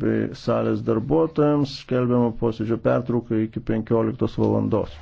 bei salės darbuotojams skelbiama posėdžio pertrauka iki 15 valandos.